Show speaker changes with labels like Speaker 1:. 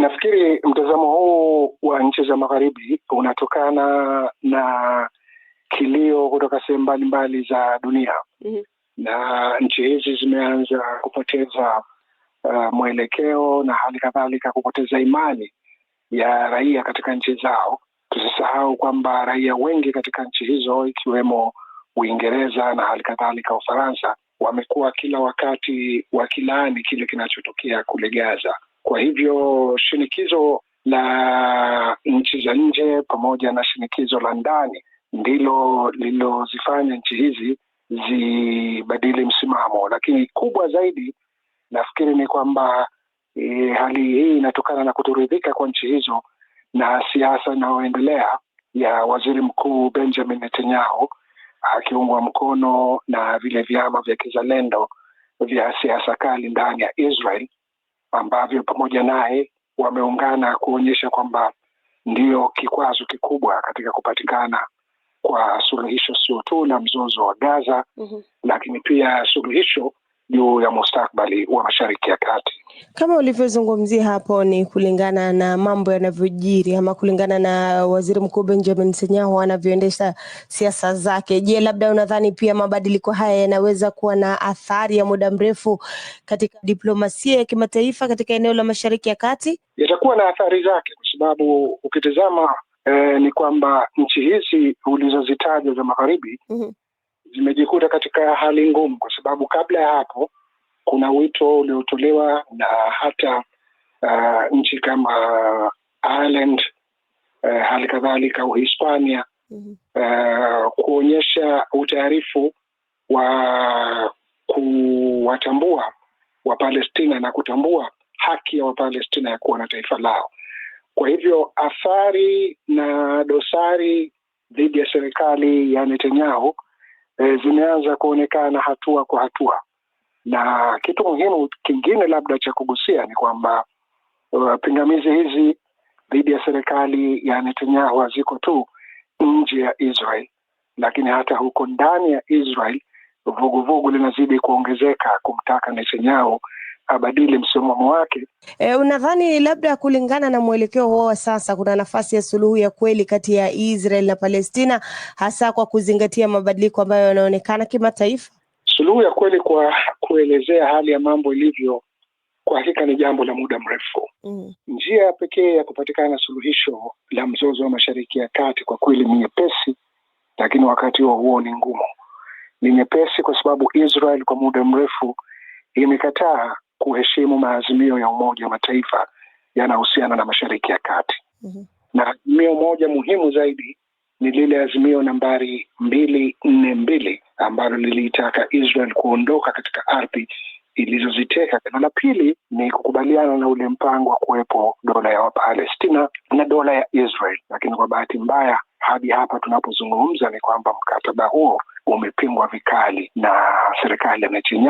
Speaker 1: Nafikiri mtazamo huu wa nchi za magharibi unatokana na kilio kutoka sehemu mbalimbali za dunia mm -hmm. na nchi hizi zimeanza kupoteza uh, mwelekeo na hali kadhalika kupoteza imani ya raia katika nchi zao. Tusisahau kwamba raia wengi katika nchi hizo ikiwemo Uingereza na hali kadhalika Ufaransa wamekuwa kila wakati wakilaani kile kinachotokea kule Gaza kwa hivyo shinikizo la nchi za nje pamoja na shinikizo la ndani ndilo lililozifanya nchi hizi zibadili msimamo, lakini kubwa zaidi nafikiri ni kwamba e, hali hii inatokana na kutoridhika kwa nchi hizo na siasa inayoendelea ya waziri mkuu Benjamin Netanyahu akiungwa mkono na vile vyama vya kizalendo vya siasa kali ndani ya Israel ambavyo pamoja naye wameungana kuonyesha kwamba ndiyo kikwazo kikubwa katika kupatikana kwa suluhisho sio tu la mzozo wa Gaza mm -hmm. Lakini pia suluhisho juu ya mustakbali wa Mashariki ya Kati.
Speaker 2: Kama ulivyozungumzia hapo, ni kulingana na mambo yanavyojiri ama kulingana na waziri mkuu Benjamin Netanyahu anavyoendesha siasa zake. Je, labda unadhani pia mabadiliko haya yanaweza kuwa na athari ya muda mrefu katika diplomasia ya kimataifa katika eneo la Mashariki ya Kati?
Speaker 1: Yatakuwa na athari zake kwa sababu ukitizama Eh, ni kwamba nchi hizi ulizozitaja za magharibi mm -hmm zimejikuta katika hali ngumu, kwa sababu kabla ya hapo kuna wito uliotolewa na hata uh, nchi kama Ireland uh, hali kadhalika Uhispania mhm. uh, kuonyesha utaarifu wa kuwatambua Wapalestina na kutambua haki ya Wapalestina ya kuwa na taifa lao. Kwa hivyo athari na dosari dhidi ya serikali ya Netanyahu e, zimeanza kuonekana hatua kwa hatua, na kitu muhimu kingine labda cha kugusia ni kwamba uh, pingamizi hizi dhidi ya serikali ya Netanyahu haziko tu nje ya Israel, lakini hata huko ndani ya Israel vuguvugu linazidi kuongezeka kumtaka Netanyahu abadili msimamo wake.
Speaker 2: E, unadhani labda kulingana na mwelekeo huo wa sasa kuna nafasi ya suluhu ya kweli kati ya Israel na Palestina hasa kwa kuzingatia mabadiliko ambayo yanaonekana kimataifa?
Speaker 1: Suluhu ya kweli kwa kuelezea hali ya mambo ilivyo kwa hakika ni jambo la muda mrefu. Mm. Njia pekee ya kupatikana suluhisho la mzozo wa Mashariki ya Kati kwa kweli ni nyepesi, lakini wakati huo huo ni ngumu. Ni nyepesi kwa sababu Israel kwa muda mrefu imekataa kuheshimu maazimio ya Umoja wa Mataifa yanahusiana na Mashariki ya Kati. mm -hmm. Na azimio moja muhimu zaidi ni lile azimio nambari mbili nne mbili ambalo liliitaka Israel kuondoka katika ardhi ilizoziteka. Neno la pili ni kukubaliana na ule mpango wa kuwepo dola ya Wapalestina na dola ya Israel, lakini kwa bahati mbaya hadi hapa tunapozungumza ni kwamba mkataba huo umepingwa vikali na serikali ya Netanyahu.